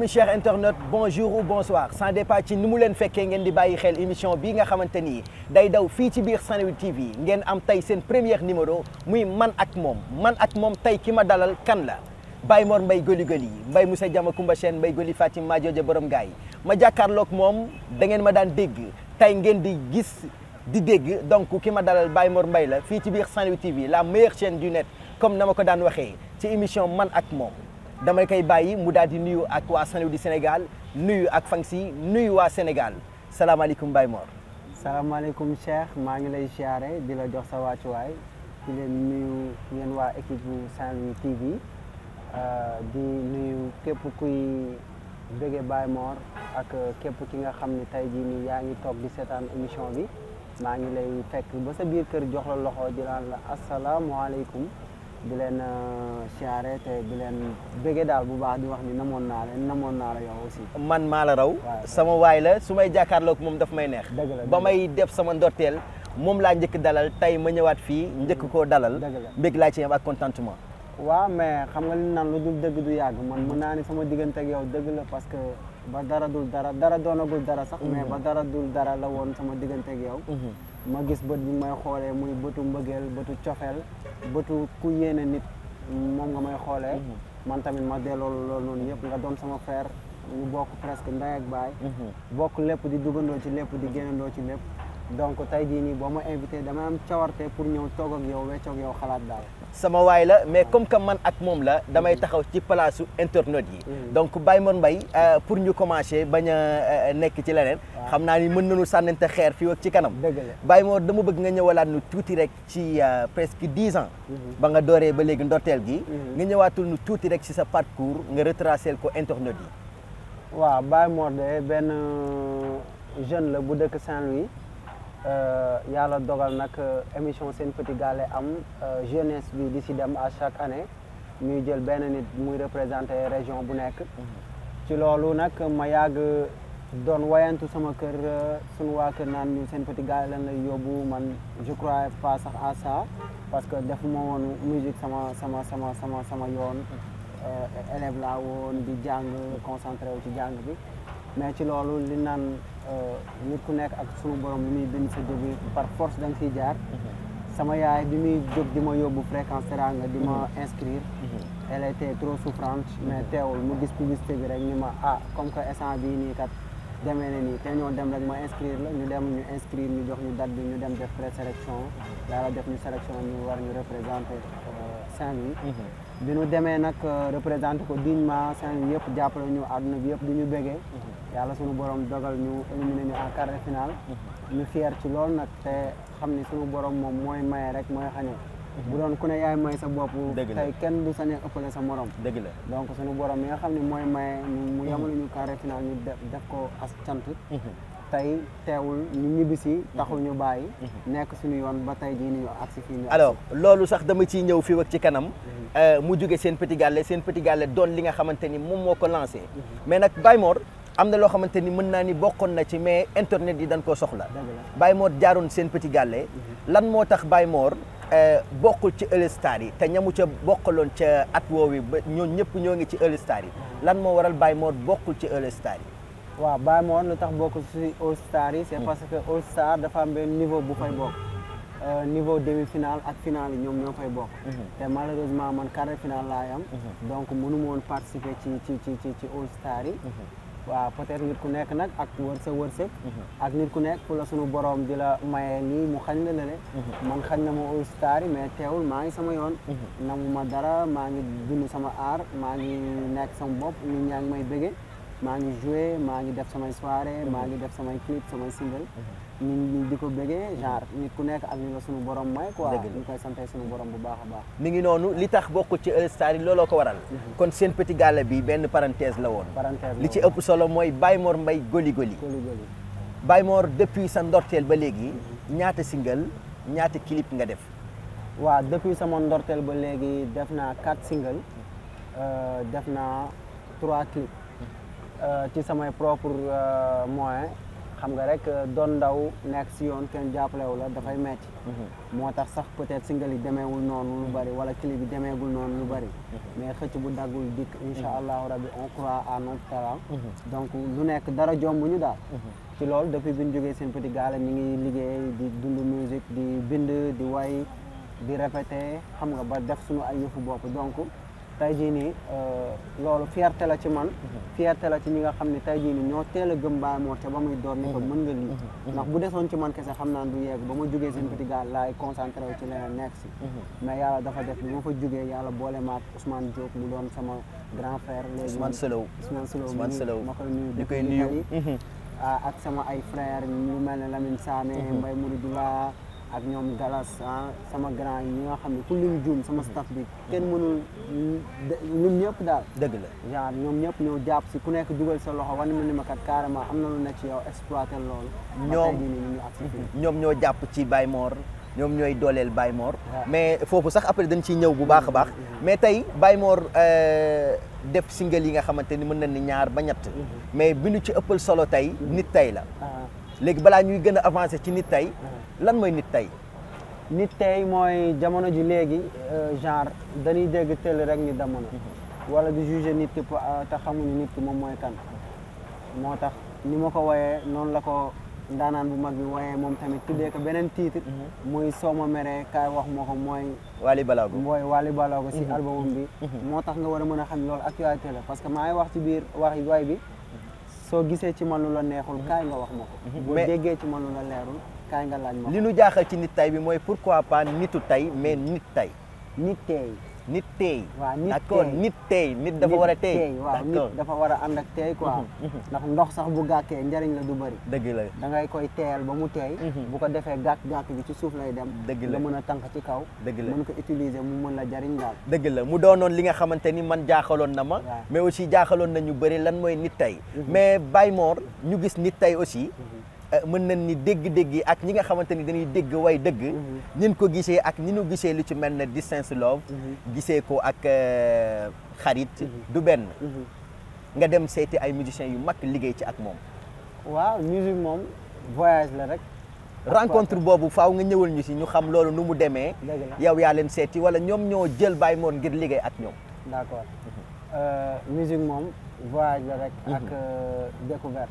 amis chers internautes bonjour ou bonsoir sans départ ci ni faire leen di bàyyi xel émission bii nga xamante day daw ci biir TV ngeen am tey seen premier numéro muy man ak mom, man ak mom, tey ki ma dalal kan la Baye Mor Mbaye Goli Goli Mbaye Moussa Diama Koumba Sène Mbaye Goli Fatim borom gaay ma jàkkaarloog mom, da ngeen ma daan dégg tey di gis di donc qui ma dalal Baye Mor Mbaye la fii ci TV la meilleure chaîne du net comme na ma ko daan waxee ci émission man ak Mom. dama koy bàyyi mu daal di nuyu ak waa Saint-Louis Sénégal nuyu ak fansi nuyu waa Sénégal salaamaaleykum Baye Mor. salaamaaleykum Cheikh maa ngi lay siyaare di la jox sa wàccuwaay di leen nuyu ngeen waa équipe bu Saint-Louis TV euh, di nuyu képp kuy bëgge Baye ak képp ki nga xam ni tey jii nii yaa ngi toog di seetaan émission bi maa ngi lay fekk ba sa biir kër jox la loxo di naan la asalaamaaleykum. di leen euh, siyaare te di leen bëggee daal bu baax di wax ni namoon naa la namoon naa yow aussi. man maa la raw. sama waay la su may jàkkaarloog moom dafa may neex. ba may def sama ndorteel moom laa njëkk dalal tey ma ñëwaat fii mm. njëkk koo dalal. mbég laa ci am ak contentement. waa mais xam nga li naan lu dul dëgg du yàgg man mën naa ni sama diggante ak yow dëgg la parce que ba dara dul dara dara doonagul dara sax. Mm. mais ba dara dul dara la woon sama diggante ak yow. Mm-hmm. ma gis bët bi may xoolee muy bëtu mbëggeel bëtu cofeel bëtu ku yéene nit moom nga may xoolee mhm. man tamit ma delloo loolu noonu yëpp nga doon sama frère ñu bokk presque ndey ak baay mhm. bokk lépp di duggandoo ci lépp di génnandoo ci lépp donc tey jii nii boo ma invité dama am cawarte pour ñëw toog ak yow weccoog yow xalaat daal sama waay la mais comme que man ak moom la damay mm-hmm. taxaw ci palaasu internet yi mm-hmm. donc Baye Mor Mbaye euh, pour ñu commencer bañ a euh, nekk ci leneen xam naa ni mën nañu sànnante xeer fii ak ci kanam Baye Mor dama bëgg nga ñëwalaat nu tuuti rek ci euh, presque dix ans mm-hmm. ba nga dooree ba léegi ndorteel gi nga ñëwaatul nu tuuti rek ci sa parcours nga retracel ko internet yi wa Baye de benn jeune la bu dëkk Saint-Louis Eh, yàlla dogal nag eh, émission seen petit galle am eh, jeunesse bi di si dem à chaque année ñuy jël benn nit muy représenté région bu nekk ci loolu nag ma yàgg doon wayantu sama kër suñu waa kër naan ñu seen petit galle lan lay yóbbu man je crois pas sax à ça parce que def ma woon musique sama sama sama sama sama yoon élève laa woon di jàng concentré wu ci jàng bi mais ci loolu li naan Euh, nit ku nekk ak sunu borom bi muy bind sa jóge par force da nga siy jaar mhm. sama yaay bi muy jóg di ma yóbbu fréquence teranga di ma mhm. inscrire mhm. elle était trop souffrante mais teewul mu gis publicité bi rek ñu ma ah comme que instant bii nii kat demee na ni te ñoo dem rek ma inscrire la ñu dem ñu inscrir ñu jox ñu date bi ñu dem def présélection yàlla def ñu sélection ñu war ñu représenté euh, Saint-Louis bi ñu demee nag euh, représenté ko dignement san louis yëpp jàppale ñu àdduna bi yëpp di ñu bégee yàlla suñu borom dogal ñu éliminé ñu en quart de finale mhm. ñu fier ci loolu nag te xam ni suñu borom moom mooy maye rek mooy xañe bu doon ku ne yaay may sa bopp tey kenn du sa a ëppale sa morom dëgg la donc suñu borom mi nga xam ne mooy maye mu mhm. yamalu ñu quart de ñu def ko as cant mhm. tey teewul ñu ñibbisi taxul ñu bàyyi nekk suñu yoon ba tey jii ñu agsi fii alors loolu sax dama ciy ñëw fii ak ci kanam euh, mu jóge seen Petit seen Petit Galle li nga xamante ni moom moo mais nag Baye am na loo xamante ni mën naa ni bokkoon na ci mais internet yi dañ koo soxla Baye Mor jaaroon seen petit gàlle mhm. lan moo tax Baye Mor euh, bokkul ci All Star yi te ñamu ca bokkaloon ca at woowu ba ñoom ñëpp ñoo ngi ci All Star yi mhm. lan moo waral Baye Mor bokkul ci All Star yi waaw Baye Mor lu tax bokkul ci All Star yi c'est mhm. parce que All Star dafa am benn niveau bu fay bokk euh, niveau demi-finale ak finale yi ñoom ñoo fay bokk. te malheureusement man quart de finale laay am. woon participer ci ci ci ci All Star yi. waaw peut-être ku nekk nag ak wërsëg wërsëg mhm. ak nit ku nekk fu la sunu borom di la mayee nii mu xañ la lale mhm. man xañ na ma ustaari mais teewul maa ngi sama yoon mhm. namu ma dara maa ngi dund sama aar maa ngi nekk sama bop nit ñaa ngi may bëgge maa ngi joué maa ngi def samay soirée maa ngi def samay clip samay single ñu di ko bëggee genre nit ku nekk ak li la sunu borom may quoi ñu koy sante sunu borom bu baax a baax mi ngi noonu li tax bokk ci Star yi looloo ko waral mhm. kon seen petit gala bi benn parenthèse la woon li ci ëpp solo mooy Baye Mor Mbaye Goli Goli Baye Mor depuis sa ndorteel ba léegi ñaata single ñaata clip nga def waaw depuis sama ndorteel ba léegi def naa quatre single euh, def naa trois clip euh, ci samay propre euh, moyen xam nga rek euh, doon ndaw nekk si yoon kenn jàppalewu la dafay metti mhm. moo tax sax peut-être single yi demeewul noonu lu bari wala clip bi demeegul noonu lu bari mhm. mais xëcc bu daggul dikk insha mhm. allahu rabbi on croit à notre donc lu nekk dara jomb ñu daal ci loolu depuis bi ñu jógee seen petit gaale ñi ngi liggéey di dund musique di bind di way di répété xam nga ba def suñu ay yëfu bopp donc tey jii nii euh, loolu fierté la ci man mhm. fierté la ci ñi nga xam ne tey jii nii ñoo teel a gëm Baye Mor ca ba muy door ni ko mhm. mën nga lii mhm. ndax bu desoon ci man kese xam naa du yegg ba ma jógee seen petit gars laay concentré ci leneen nekk si mais yàlla dafa def ni ma fa jógee yàlla boole maak Ousmane Diop mu doon sama grand frère léegi Ousmane Solow Ousmane Solow ma koy nuyu di koy nuyu ah, ak sama ay mel ne Lamine Sané Mbaye Mouridou ak ñoom Galas ah, sama grand yi nga xam ne ku lim juum sama staff bi kenn mënul ñun ñëpp daal. dëgg la genre ñoom ñëpp ñoo jàpp si ku nekk dugal sa loxo wane ma ni ma kat carrément am na lu nekk ci yow exploité loolu. ñoom ñoom ñoo jàpp ci Baye Mor ñoom ñooy dooleel Baye Mor. mais foofu sax après dañ ciy ñëw bu baax a baax. Mm-hmm. Mm-hmm. mais tey Baye Mor euh, def single yi nga xamante ni mën na ni ñaar ba ñett. Mm-hmm. mais bi ñu ci ëppal solo tey nit tey la. Ah. léegi balaa ñuy gën a avancé ci nit tey. Ah. lan mooy nit tey nit tey mooy jamono ji léegi euh, genre dañuy dégg télé rek ñu demono mhm. wala di juger nit ki euh, te xamuñu nit ki moom mooy kan moo tax ni ma ko woyee noonu la ko ndaanaan bu mag bi woyee moom tamit tuddee mhm. beneen titre mhm. muy soo ma meree kaay wax moo ko mooy Wally Ballago mooy Wally Ballago si albumam bi moo tax nga war a mën a xam loolu actualité la parce que maa ngi wax ci biir wax way bi soo gisee ci man lu la neexul kaay nga wax ma ko boo déggee ci man lu la leerul kaay nga laaj ma li nu jaaxal ci nit tay bi mooy pourquoi pas nitu tay mais nit tay. nit teey. nit teey. waaw nit teey d'accord nit teey nit dafa war a teey. waaw nit dafa war a ànd ak teey quoi. Mhm, mhm. ndax ndox sax bu gàkkee njëriñ la du bëri. dëgg la da ngay koy teeyal ba mu teey. Mhm. bu ko defee gàkk gàkk bi ci suuf lay dem. dëgg la nga mën a tànk ci kaw. dëgg la mën ko utiliser mu mën la jariñ daal. dëgg la mu doonoon li nga xamante ni man jaaxaloon na ma. mais aussi jaaxaloon na ñu bëri lan mooy nit tey. mais Baye Mor ñu gis nit tey aussi. Euh, mën nañ ni dégg-dégg yi ak ñi nga xamante ni dañuy dégg way dëgg mhm. ñin ko gisee ak ni ñu gisee lu ci mel na ne distance love mhm. gisee ko ak euh, xarit mhm. du benn nga dem seeti ay musiciens yu mag liggéey ci ak moom waaw musique moom voyage la rek rencontre boobu faw nga ñëwal ñu si ñu xam loolu nu mu demee yow yaa leen seeti wala ñoom ñoo jël Baye Mor ngir liggéey ak ñoom d'accord euh, musique moom voyage la rek ak découverte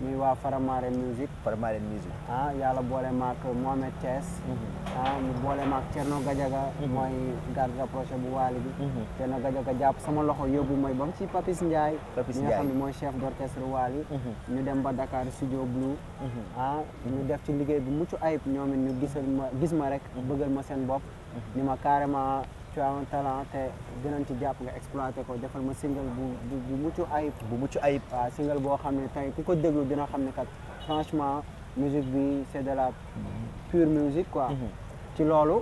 ñuy waa Faramare Music. Faramare Music. ah yàlla boole maak Mohamed Thiès. Mhm. ah mu boole maak Thierno Gadiaga. Mhm. mooy garde rapproché bu waali bi. Mhm. Thierno Gadiaga jàpp sama loxo yóbbu mooy ba ci Papis Ndiaye. Papis Ndiaye ñi nga xam ne mooy chef d' waali. ñu dem ba Dakar studio Blue. ah ñu def ci liggéey bi mucc ayib ñoom it ñu gisal ma gis ma rek. bëggal ma seen bopp. ni ma carrément. Tivaouane talent te gënoon ci jàpp nga exploiter ko defal ma single bu bu bu mucc ayib. bu muccu ayib waaw single bo xamné tay tey ku déglu dina xamné kat franchement musique bi c'est de la pure musique quoi. Mhm. ci lolu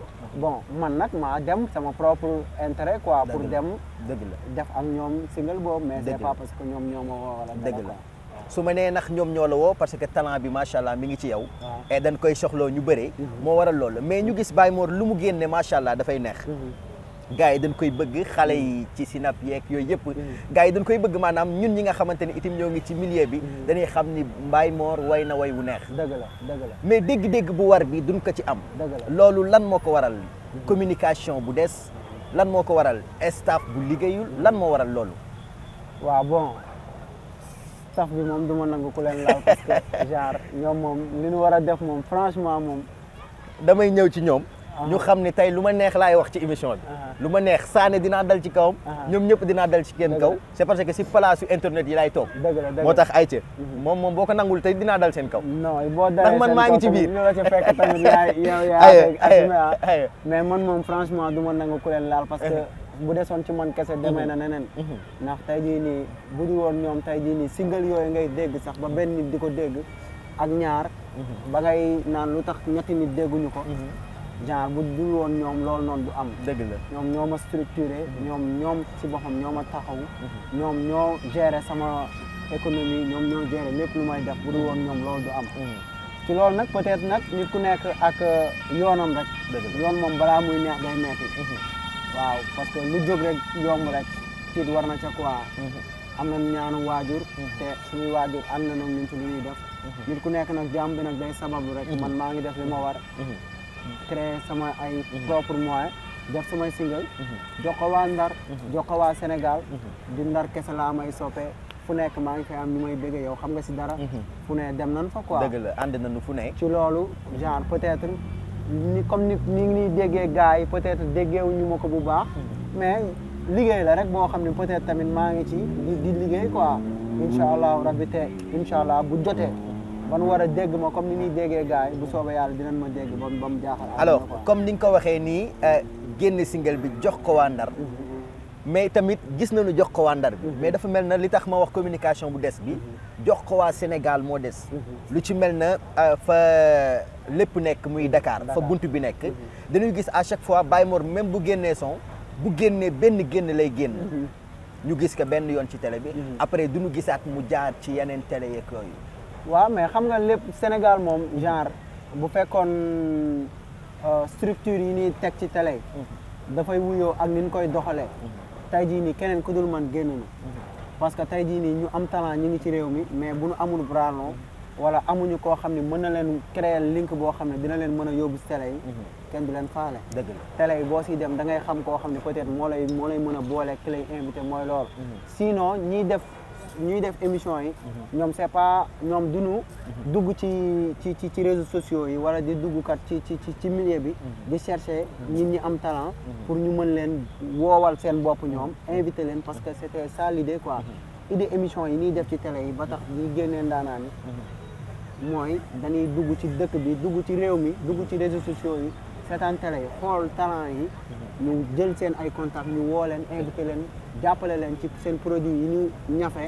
bon man nak ma dem sama propre intérêt quoi. pour dem deug la def ak ñom single bo mais c'est pas parce que ñom ñoo ma woo wala dëgg la suma ma nak ñom ñoom ñoo la woo parce que talent bi machallah mi ngi ci yow. et dañ koy soxlo ñu bëre. Mhm. mo waral loolu mais ñu gis Baye lu mu génne machallah da fay neex. Mhm. gars yi dañ koy bëgg xale yi ci sinap yeeg yooyu yëpp mm. gaa yi dañ koy bëgg maanaam ñun ñi nga xamante ni itam ñoo ngi ci milieu bi mm. dañuy xam ni mbaay moor way na way wu neex dëgg la dëgg mais dégg-dégg bu war bi duñ ko ci am loolu lan moo ko waral mm. communication bu des lan moo ko waral staff bu liggéeyul lan moo waral loolu waaw bon staff bi moom du ma nangu ku leen laal parce que genre ñoom moom li ñu war a def moom franchement moom damay ñëw ci ñoom ñu xam ne tey lu ma neex laay wax ci émission ah. lu ma neex saane dinaa dal ci kawam ah. ñoom ñëpp dinaa dal ci kenn kaw c'est parce que si place yu internet yi laay toog moo tax ayca mhm. moom moom boo ko nangul tey dinaa dal seen kaw ndax man maa ngi ci biir ay mais man moom franchement du ma nangu ku leen laal parce que mhm. bu desoon ci man kese demee na mhm. neneen ndax tey jii ni bu dul woon ñoom tey jii nii single yooyu ngay dégg sax ba benn nit di ko dégg ak ñaar ba ngay naan lu tax ñetti nit dégguñu ko genre bu dul woon ñoom lool noonu du am. dëgg la ñoom ñoo ma structuré. Mhm. ñoom ñoom ci boppam ñoo ma taxaw. Mhm. ñoom ñoo gérer sama économie ñoom ñoo gérer lépp may def woon ñoom lool du am. Mhm. ci loolu nag peut nag nit ku nekk ak euh, yoonam rek. dëgg la yoon moom balaa muy neex day metti. waaw parce que lu jóg rek yomb rek tiit war na ca quoi. am na ñaanu waajur. suñu suñuy waajur am na ñoom ñun ci lu ñuy def. nit ku nekk nag jàmm bi nag day sabablu rek. man maa ngi def li ma war. créer sama ay mhm. propre moyen def samay single mhm. jox waa Ndar mhm. jox waa Sénégal di Ndar kese laa may soppee fu nekk maa ngi fay am ñu may bëgg yow xam nga si dara fu ne dem nañ fo quoi dëgg la ànd nañu fu ne ci loolu genre peut-être ni comme ni ni ngi niy déggee gars yi peut-être déggeewuñu ma ko bu baax mais liggéey la rek boo xam ne peut-être tamit maa ngi ci di liggéey quoi incha allahu rabbi te incha allah bu jotee ban comme alors comme ni nga ko waxee eh, single bi jox ko mais tamit gis nañu jox ko mais dafa li communication bu des Sénégal des. lu ci mel eh, fa lépp nekk muy Dakar. fa bunt bi mhm. dañuy gis à chaque fois Baymor même bu son bu génnee benn génn lay génn. Mhm. ñu gis ko benn ci télé mhm. après waaw mais xam nga lépp Sénégal moom genre bu fekkoon euh, structure yi ñuy teg ci télé mhm. dafay wuyoo ak ni ñu koy doxalee mhm. tey jii nii keneen ku dul man génn na mhm. parce que tey jii nii ñu am talent ñu ngi ci réew mi mais bu ñu amul bras long wala amuñu koo xam ni mën na leen créer link boo xam ne dina leen mën a yóbbu si télé yi kenn du leen faale dëgg la télé yi boo si dem da ngay xam koo xam ne peut-être moo lay moo lay mën a boolee ki lay mooy lool sinon ñiy def ñuy def émission yi mhm. ñoom c'est pas ñoom duñu mhm. dugg ci ci ci ci réseaux sociaux yi wala di dugg kat ci ci ci ci milieu bi mhm. di chercher nit ñi am talent pour ñu mën leen woowal seen bopp ñoom invité leen parce que c'était ça l'idée quoi idée émission yi ñuy def ci télé yi ba tax ñuy génnee ndaanaan yi mooy dañuy dugg ci dëkk bi dugg ci réew mi dugg ci réseaux sociaux yi seetaan télé yi xool talent yi ñu jël seen ay contact ñu woo leen invité leen jàppale leen ci seen produit yi ñu ñafe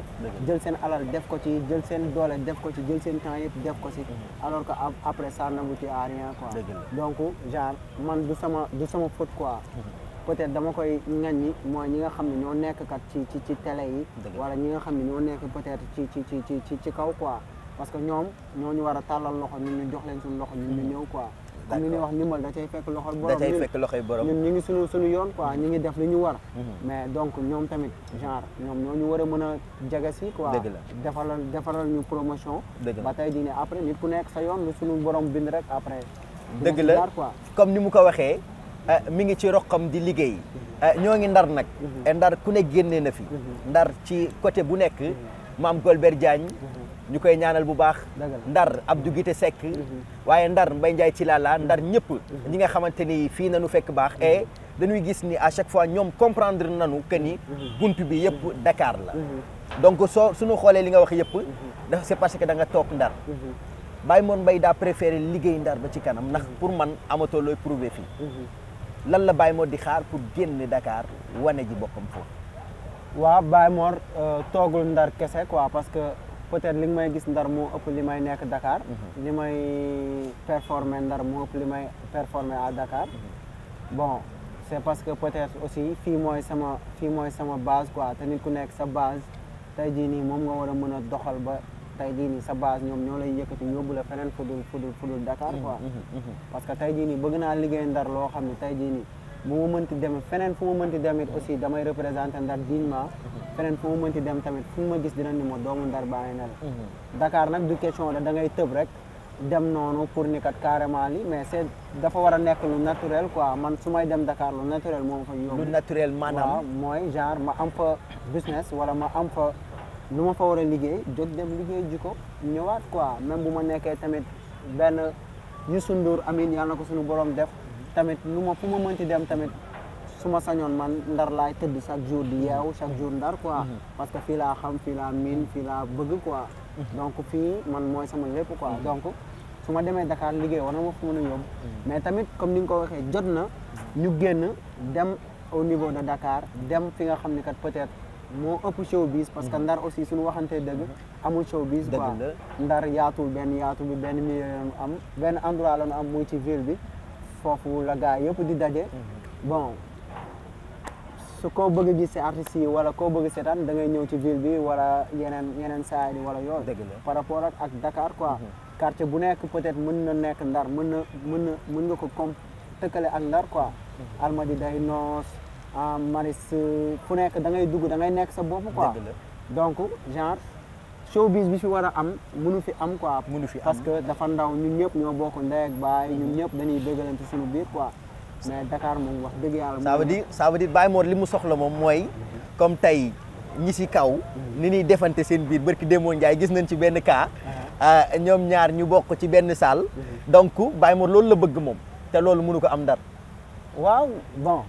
jël seen alal def ko ci jël seen doole def ko ci jël seen temps yëpp def ko si alors que après ça n'aboutit à rien quoi donc genre man du sama du sama faute quoi peut-être dama koy ngañ ñi mooy ñi nga xam ne ñoo nekk kat ci ci ci télé yi wala ñi nga xam ne ñoo nekk peut ci ci ci ci ci ci kaw quoi parce que ñoom ñoo ñu war a tàllal loxo ñun ñu jox leen suñu loxo ñun ñu ñëw quoi comme li ñuy wax ndimbal da cay fekk loxoy borom da cay fekk loxoy borom ñun sunu yoon quoi ñu def li ñu war mhm. mais donc ñoom tamit genre ñoom ñoo ñu war a mën a jege si quoi defaral defaral ñu promotion ba tey di ne après nit ku nekk sa yoon lu sunu borom bind rek après dëgg la comme ni mu ko waxee eh, mi ngi ci roqam di liggéey mhm. eh, ñoo ngi ndar nag mhm. eh, ndar ku nekk génnee na fi ndar ci côté bu nekk maam Golbert Diagne ñu koy ñaanal bu baax ndar ab Guité Seck mhm. waaye ndar mbay Ndiaye ci laa lala mhm. ndar ñëpp mhm. ñi nga xamante ni fii na nu fekk baax et dañuy gis ni à chaque fois ñoom comprendre nañu que ni bunt bi yëpp dakaar la donc soo suñu xoolee li nga wax yëpp dafa c'est parce que da nga toog ndar Baye Mor Mbaye daa préféré liggéey ndar ba ci kanam ndax pour man amatoo looy prouvé fii lan la Baye Mor di xaar pour génn dakaar wane ji boppam foofu waaw Baye Mor euh, toogul ndar kese quoi parce que peut-être li may gis ndar mu ëpp li may nekk Dakar. Mhm. li may performer ndar moo ëpp li may performer à Dakar. Mhm. bon c'est parce que peut aussi fii mooy sama fii mooy sama base quoi te nit ku nekk sa base tey jii nii moom nga war a mën a doxal ba tey jii nii sa base ñoom ñoo lay yëkkati yóbbu la feneen fudul fudul fudul Dakar mhm, parce que tey jii nii bëgg naa liggéey ndar loo xam ne tey jii nii. bu ma mënti dem feneen fu ma mënti dem it aussi damay représenté Ndar dignement feneen fu ma mënti dem tamit fu ma gis dina ni moo doomu Ndar bàyyi na la Dakar nag du question la da ngay rek dem noonu pour ni carrément li mais c'est dafa war a nekk lu naturel quoi man su may dem Dakar lu naturel moom fa yóbbu lu naturel maanaam mooy genre ma am fa business wala ma am fa lu ma fa war a liggéey jóg dem liggéey ji ko ñëwaat quoi même bu ma nekkee tamit benn Youssou Ndour amin yàlla na ko suñu borom def tamit lu ma fu ma mënti dem tamit su ma sañoon man ndar laay tëdd chaque jour di yeewu mhm. chaque jour ndar quoi mhm. parce que fii laa xam fii laa miin fii laa bëgg quoi mhm. donc fii man mooy sama lépp quoi donc su ma demee Dakar liggéey war na ma fu mën a yóbbu mais tamit comme ni nga ko waxee jot na ñu génn dem au niveau de Dakar dem fi nga xam ni kat peut-être moo ëpp showbiz parce que ndar aussi suñu waxantee dëgg amul showbiz quoi ndar yaatul benn yaatul bi benn milieu la benn endroit la ñu am muy ci ville bi foofu la ga yëpp di daje. Mhm. bon su koo bëgg gis si artistes yi wala koo bëgg seetaan da ngay ñëw ci ville bi wala yeneen yeneen saa yi wala yoon. dëgg la par rapport ak ak Dakar quoi. Mhm. quartier bu nekk peut-être mën na nekk ndar mën na mën na mën nga ko comme tëkkale ak ndar quoi. Mhm. Almadi day noos ah, maris fu nekk da ngay dugg dangay ngay nekk sa bopp quoi. donc genre. showbiz bi fi war a am mënu fi am quoi. parce que dafa ndaw ñun ñëpp ñoo bokk ndey ak baay ñun ñëpp dañuy dëggalante suñu biir quoi mais Dakar moom wax dëgg yàlla. ça veut dire ça veut dire Baye li mu soxla moom mooy comme tey ñi si kaw. ni ñuy defante seen biir barki Demba Ndiaye gis nañ ci benn cas. Uh-huh. Uh, ñoom ñaar ñu bokk ci benn salle. Uh-huh. donc Baye Mor loolu la bëgg moom te loolu mënu ko am ndar. waaw bon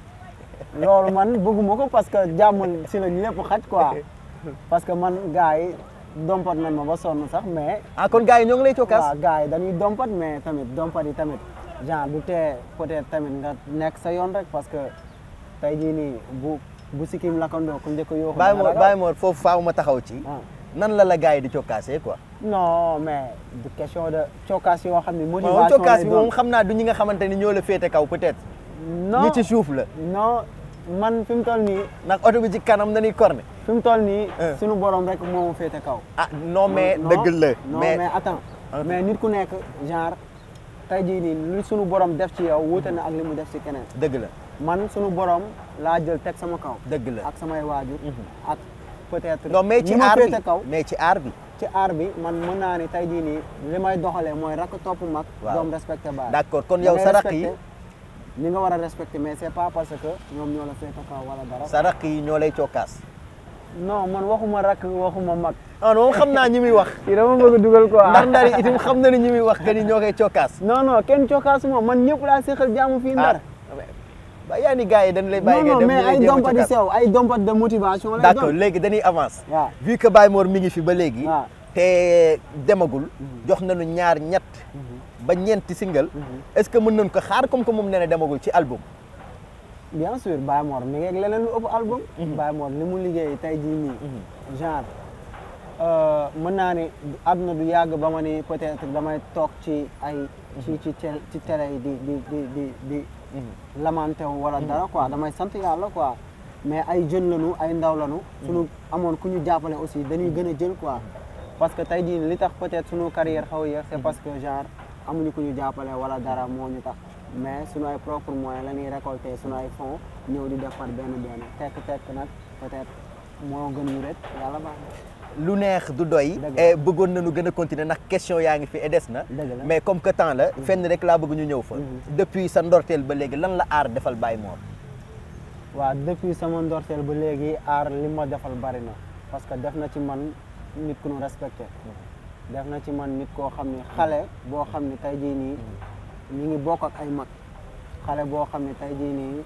loolu man bëgguma ko parce que jàmm si la ñëpp xaj quoi dompat nañ ma ba sonn sax mais. ah kon gars yi ñoo lay cookaas. waaw gars yi dañuy dompat mais tamit dompat yi tamit genre du tee peut tamit nga nekk sa yoon rek parce que tey jii nii bu bu sikkim lakkandoo ku njëkk a yoo. bàyyi foofu faaw ma taxaw ci. Ah. nan la la gars yi di cokkaasee quoi. non mais du question de yoo xam ne. motivation lay cokkaas bi moom xam naa du ñi nga xamante ni ñoo féete kaw peut-être. non ñi ci suuf la. non man fi mu toll nii. oto bi ci kanam dañuy corne. fi mu toll nii. Eh. suñu borom rek moo ma féete kaw. ah non mais dëgg la. mais non mais ah. mais nit ku nekk genre tey jii nii lu suñu borom def ci yow wuute na ak li mu def ci keneen. dëgg la man suñu borom laa jël teg sama kaw. dëgg la ak sama waajur. Mhm. ak peut-être. non mais ci aar bi mais ci aar bi. ci aar bi man mën naa ne tey jii nii li may doxalee mooy rakk topp mag. waaw doom respecté baax. kon yow sa rakk ni nga war a respecté mais c'est pas parce que ñoom ñoo la féete kaw wala dara. sa rakk yi ñoo lay cokkaas. non man waxuma rakk waxuma mag. ah non xam naa ñi muy wax. kii dama bëgg dugal quoi. ndar ndari itam xam na ni ñi muy wax que ni ñoo koy cokkaas. non non kenn cokkaasu moom man ñëpp laa seqal jaamu fii ndar. Ah, ba yaa ni gars yi dañ lay bàyyi non non mais ay dompat di sew ay dompat de motivation lay doon d'accord léegi dañuy avance waaw vu baay Baye Mor mi ngi fi ba léegi te demagul jox nañu ñaar ñett mhm. ba ñeenti single mhm. est-ce que mën nañ ko xaar comme que moom nee na demagul ci album bien sûr Baye Mor mi leneen lu ëpp album. Mhm. Baye Mor ni mu liggéey tey jii nii. Mhm. genre euh, mën naa ni na du yàgg ba ma ni peut-être damay toog ci ay. Mhm. ci ci ci télé yi di di di wu wala dara quoi damay sant yàlla quoi. mais ay jeunes lañu ay ndaw lañu. suñu amoon ku ñu jàppale aussi dañuy gën a jël quoi. parce que tey jii li tax peut-être suñu carrière xaw a yéex c'est parce que genre amuñu ku ñu jàppale wala dara moo ñu tax. mais sunu ay propre moyen la ñuy récolter sunu ay fonds ñëw di defar benn benn tekk-tekk nag peut-être moo gën ñu rek yàlla lu neex du doy. et eh, bëggoon nañu gën a continuer ndax question yaa ngi fi et des na. mais comme que temps la. Mm-hmm. fenn rek laa bëgg ñu ñëw fa. Mm-hmm. depuis sa ndorteel ba léegi lan la aar defal baay Mor. waaw depuis sama ndorteel ba léegi aar li ma defal bari na parce que def na ci man nit ku ñu respecté. Mm-hmm. def na ci man nit koo xam ne xale boo xam ne tey jii nii. ñu ngi bokk ay mag xale boo xam ne tey jii nii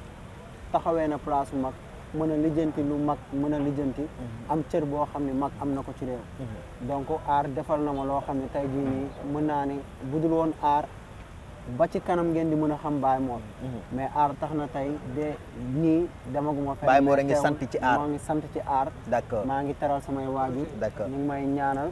taxawee na place bu mag mën a lijjanti lu mag mën a lijjanti. Mhm. am cër boo xam ne mag am na ko ci réew. Mhm. donc aar defal na ma loo xam ne tey jii nii mën naa ni budul woon aar ba ci kanam ngeen di mën a xam Baye Mor. Mhm. mais aar tax na tey de nii demaguma. Baye Mor a ngi sant ci aar ngi sant ci aar. d'accord maa ngi teral samay waajur. d'accord ñu ngi may ñaanal.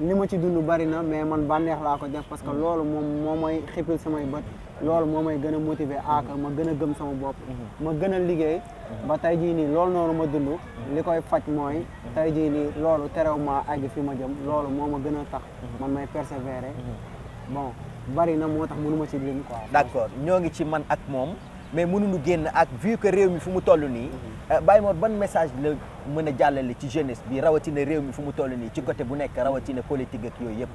li ma ci dund bari na mais man bànneex laa ko def parce que loolu moom moo may xippil samay bët loolu moo may gën a motiver aaka ma gën a gëm sama bopp ma gën a liggéey ba tey jii nii loolu noonu ma dund li koy faj mooy tey jii nii loolu terew ma àgg fi ma jëm loolu moo ma gën a tax man may persévérer bon bari na moo tax mënu ma ci lim quoi d'accord ñoo ngi ci man ak moom mais mënuñu génn ak vu que réew mi fu mu toll mhm. eh, Baye Mor ban message le manager les jàllale ci jeunesse bi rawatina réew mi fu mu toll ci côté bu nekk rawatina politique ak est yëpp.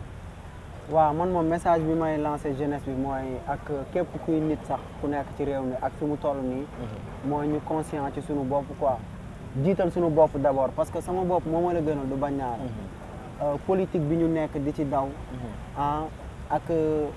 wa man moom message bi may lancer jeunesse bi mooy ak képp kuy nit sax ku nekk ci réew mi ak fimu tollu ni nii. Mhm. ñu conscient ci suñu bop quoi. jiital suñu bop d'abord parce que sama bop moo ma la gënal du bañ ñaar mhm. euh, politique bi ñu nekk di ci daw. Ah, ak euh,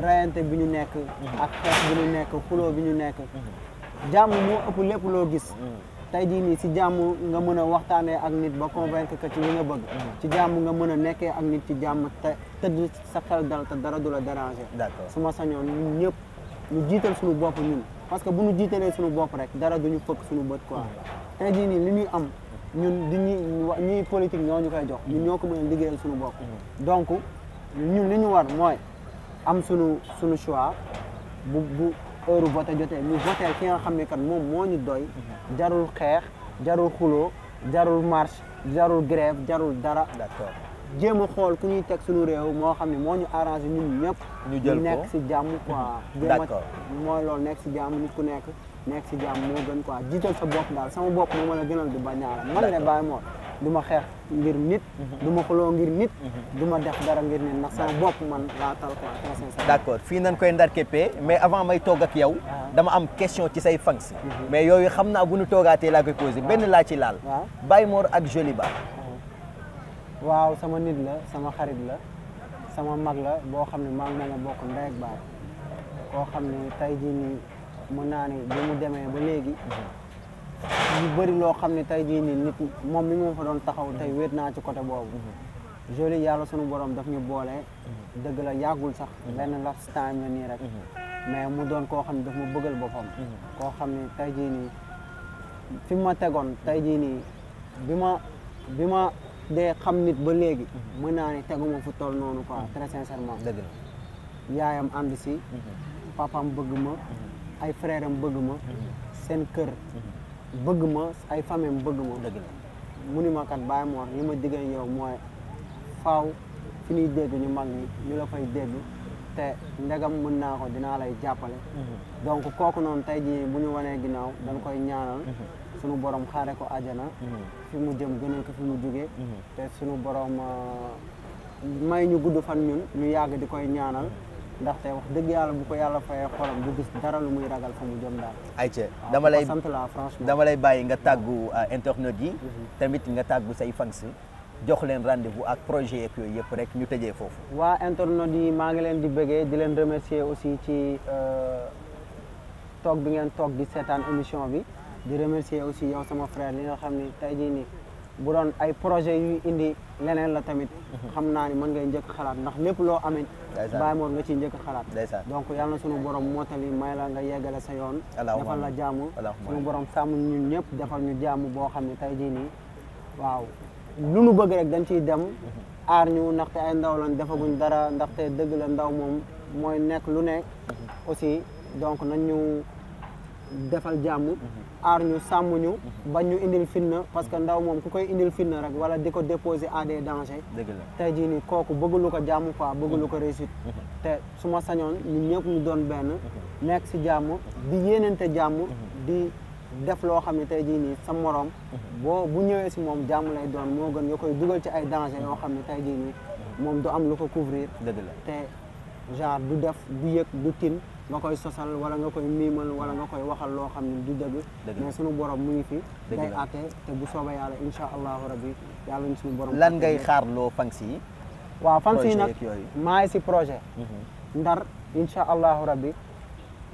rayante bi ñu nekk mhm. ak xeex bi ñu nekk xuloo bi ñu nekk mhm. jàmm moo ëpp lépp loo gis mhm. tey jii nii si jàmm nga mën a waxtaanee ak nit ba convaincre que ci li nga bëgg ci jàmm nga mën a nekkee ak nit ci jàmm te tëdd sa xel dal te dara du la déranger su ma sañoon ñun ñëpp ñu jiital suñu bopp ñun parce que bu ñu jiitalee suñu bopp rek dara duñu fëkk suñu bët quoi tey jii nii li ñuy am ñun di ñuy ñuy politique ñoo ñu koy jox ñun ñoo ko mën a liggéeyal suñu bopp donc ñun li ñu war mooy am sunu sunu choix bu bu heure vote jotee ñu voté ki nga xam ne kat moom moo ñu doy jarul xeex jarul xuloo jarul marche jarul grève jarul dara. d'accord a xool ku ñuy teg sunu réew moo xam ne moo ñu arrangé ñun ñëpp. ñu jël ko nekk si jàmm quoi. d'accord mooy loolu nekk si jàmm nit ku nekk nekk si jàmm moo gën quoi jiital sa bopp daal sama bopp moo mën a gënal di bañ a man ne bàyyi moo du ma xeex ngir nit. Mhm. du ma xuloo ngir nit. Mhm. du ma def dara ngir nit ndax sama bopp man laa tal quoi. d' accord fii nañ koy ndar képpee mais avant may toog ak yow. Ah. dama am question ci say fans. Mhm. mais yooyu xam naa bu ñu toogaatee laa koy posé benn laa ci laal. waaw ah. Baye Mor ak Joli Ba. Ah. waaw sama nit la sama xarit la sama mag la boo xam ne maa ngi mën a bokk ndey ak baay koo xam ne tey jii nii mën naa ne bi mu demee ba léegi. yu bari loo xam ne tey jii nii nit moom mi moom fa doon taxaw tey wet naa ci côté boobu mhm. joli yàlla sunu boroom daf ñu boole mhm. dëgg la yàggul sax benn laps time la nii rek mhm. mais mu doon koo xam ne daf ma bëggal boppam koo xam ne tey jii nii fi ma tegoon tey jii nii bi ma bi ma dee xam nit ba léegi mën naa ni teguma fu toll noonu quoi très sincèrement dëgg la yaayam ànd si papaam bëgg ma ay frèram bëgg ma seen kër bëgg ma ay famille bëgg ma dëgg la mu ni ma kat bàyyi ma wax ma diggéen yow mooy faw fi ñuy dégg ñu mag ñi ñu la fay dégg te ndegam mën naa ko dinaa lay jàppale mhm. donc kooku noonu tey jii bu ñu wanee ginnaaw dañ koy ñaanal mhm. sunu borom xaare ko àjjana mhm. fi mu jëm gënal ko fi mu jógee te sunu borom ah, may ñu gudd fan ñun ñu yàgg di koy ñaanal ndaxte wax dëgg yàlla bu ko yàlla fayee xolam du gis dara lu muy ragal fa mu jom daal. ayca ah, dama sant la franchement dama lay bàyyi nga tàggu mm-hmm. euh, internet yi. Mm-hmm. tamit nga tàggu say fans jox leen rendez-vous ak projet yeeg yooyu yëpp rek ñu tëjee foofu. waa internet yi maa ngi leen di bëggee di leen remercier aussi ci euh, toog bi ngeen toog di seetaan émission bi di remercier aussi yow sama frère li nga xam ne tey jii nii bu doon ay projet yu indi. leneen la tamit mhm. xam naa ni mën ngay njëkk xalaat ndax lépp loo amit bàyyi moon nga ciy njëkk xalaat donc yàlla na sunu borom mootali may la nga yeggale sa yoon defal la jàmm sunu borom sàmm ñun ñëpp defal ñu jàmm boo xam ne tey jii nii waaw lu nu bëgg rek dañ ciy dem mhm. aar ñu ndaxte ay ndaw lan defaguñ dara ndaxte dëgg la ndaw moom mooy nekk lu nekk mhm. aussi donc nañ ñu defal jàmm mhm. aar ñu sàmm ñu mhm. bañ ñu indil fitna parce que ndaw moom ku koy indil fitna rek wala di ko déposer à des dangers tey jii nii kooku bëggulu ko jàmm quoi bëggulu mhm. ko réussite te su ma sañoon ñun ñëpp ñu doon benn nekk si jàmm di yéenante jàmm di def loo xam ne tey jii nii sa morom boo bu ñëwee si moom jàmm lay doon moo gën nga koy dugal ci ay danger yoo xam ne tey jii nii moom du am lu ko couvrir dëgg la te genre du def du yëg du tin nga koy sosal wala nga koy miimal wala nga koy waxal loo xam ne du dëgg mais suñu borom mu ngi fi day àtte te bu soobee yàlla insha allahu rabbi yàlla ñu suñu borom lan ngay xaar loo fans yi waaw fans yi nag maa ngi si projet mhm. ndar insha allahu rabbi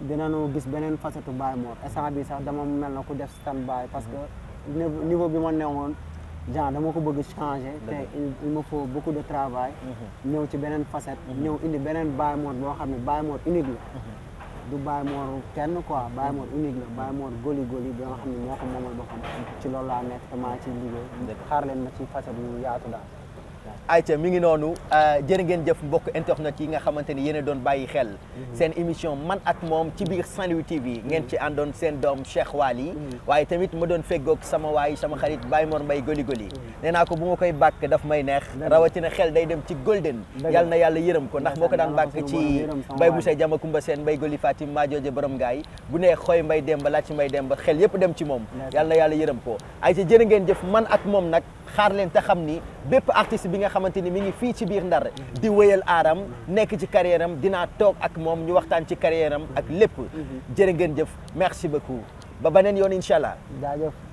dinañu gis beneen facette Baye Mor instant bi sax dama mel na ku def stand baay parce que mhm. niveau bi ma newoon genre dama ko bëgg changer te il me faut beaucoup de travail mhm. ñëw ci beneen facette mhm. ñëw indi beneen Baye Mor boo xam ne Baye Mor unique la mhm. du Baye Mor kenn quoi Baye Mor unique la Baye Mor goli goli bi nga xam ne moo ko moomal ci loolu laa nekk te ci liggéey xaar leen ma ci facette yu yaatu daal ayca mi ngi noonu euh, jërë ngeen jëf mbokk internet yi nga xamante ni yéen doon bàyyi xel mhm. seen émission man ak moom ci biir Saint-Louis TV mhm. ngeen ci àndoon seen doom Cheikh Waly mhm. waaye tamit ma doon feggoog sama waay sama xarit bàyyi Mor Mbaye Goli Goli nee naa ko bu ma koy bàkk dafa may neex rawatina xel day dem ci golden yàlla na yàlla yërëm ko ndax moo ko daan bàkk ci Mbaye Moussa Diamacoumba Sène Mbaye Goli Fatim Maajooje borom ngaay bu nee xooy Mbaye Demba laaj ci Mbaye Demba xel yëpp dem ci moom yàlla na yàlla yërëm ko ayca jërë ngeen jëf man ak moom nag xaar leen te xam ni bépp artiste bi nga xamante ni mi ngi fii ci biir Ndar di wéyal aaram nekk ci carrière am dinaa toog ak moom ñu waxtaan ci carrière am ak lépp mhm. jërë ngeen jëf merci beaucoup ba beneen yoon incha allah jaajëf